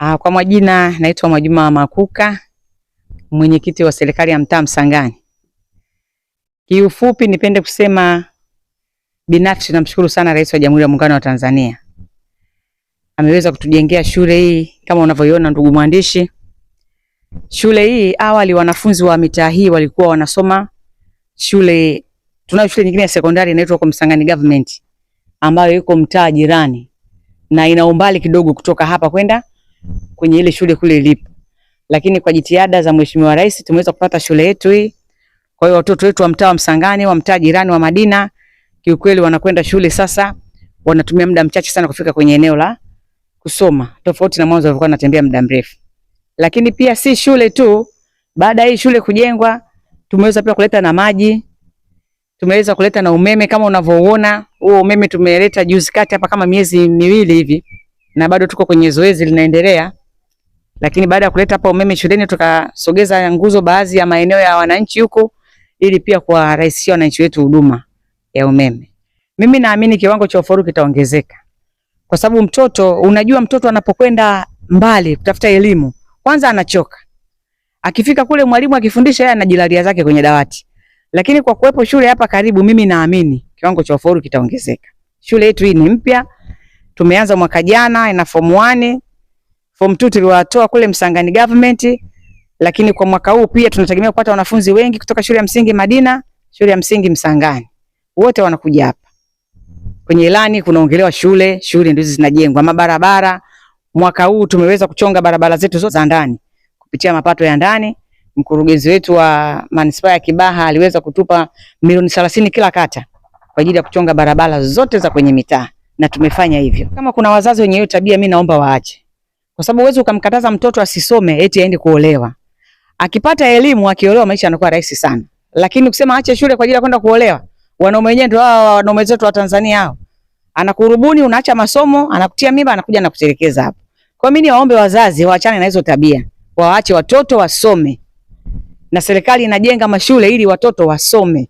Ah, kwa majina naitwa Mwajuma Makuka, mwenyekiti wa serikali ya mtaa Msangani. Kiufupi nipende kusema binafsi namshukuru sana Rais wa Jamhuri ya Muungano wa Tanzania, ameweza kutujengea shule hii kama unavyoiona ndugu mwandishi. Shule hii awali wanafunzi wa mitaa hii walikuwa wanasoma shule, tunayo shule nyingine ya sekondari inaitwa kwa Msangani Government ambayo iko mtaa jirani na ina umbali kidogo kutoka hapa kwenda kwenye ile shule kule ilipo, lakini kwa jitihada za Mheshimiwa Rais tumeweza kupata shule yetu hii. Kwa hiyo watoto wetu wa mtaa wa Msangani, wa mtaa jirani wa Madina, kiukweli wanakwenda shule sasa, wanatumia muda mchache sana kufika kwenye eneo la kusoma, tofauti na mwanzo walikuwa wanatembea muda mrefu. Lakini pia si shule tu, baada ya hii shule kujengwa, tumeweza pia kuleta na maji, tumeweza kuleta na umeme kama unavyoona. Huo umeme tumeleta juzi kati hapa kama miezi miwili hivi, na bado tuko kwenye zoezi linaendelea lakini baada ya kuleta hapa umeme shuleni, tukasogeza nguzo baadhi ya maeneo ya wananchi huko, ili pia kuwarahisishia wananchi wetu huduma ya umeme. Mimi naamini kiwango cha ufaulu kitaongezeka, kwa sababu mtoto, unajua mtoto anapokwenda mbali kutafuta elimu, kwanza anachoka. Akifika kule mwalimu akifundisha, yeye anajilalia zake kwenye dawati, lakini kwa kuwepo shule hapa karibu, mimi naamini kiwango cha ufaulu kitaongezeka. Shule yetu hii ni mpya, tumeanza mwaka jana, ina form 1 Form 2 tuliwatoa kule Msangani Government, lakini kwa mwaka huu pia tunategemea kupata wanafunzi wengi kutoka shule ya msingi Madina, shule ya msingi Msangani. Wote wanakuja hapa. Kwenye ilani kunaongelewa shule, shule ndizo zinajengwa, mabarabara. Mwaka huu tumeweza kuchonga barabara zetu zote za ndani kupitia mapato ya ndani. Mkurugenzi wetu wa manispaa ya Kibaha aliweza kutupa milioni 30 kila kata kwa ajili ya kuchonga barabara zote za kwenye mitaa na tumefanya hivyo. Kama kuna wazazi wenye hiyo tabia, mimi naomba waache. Kwa sababu huwezi ukamkataza mtoto asisome eti aende kuolewa. Akipata elimu, akiolewa, maisha yanakuwa rahisi sana. Lakini ukisema aache shule kwa ajili ya kwenda kuolewa, wanaume wenyewe ndio hao wanaume zetu wa Tanzania hao. Anakurubuni, unaacha masomo, anakutia mimba, anakuja na kutelekeza hapo. Kwa mimi niwaombe wazazi waachane na hizo tabia. Waache watoto wasome. Na serikali inajenga mashule ili watoto wasome.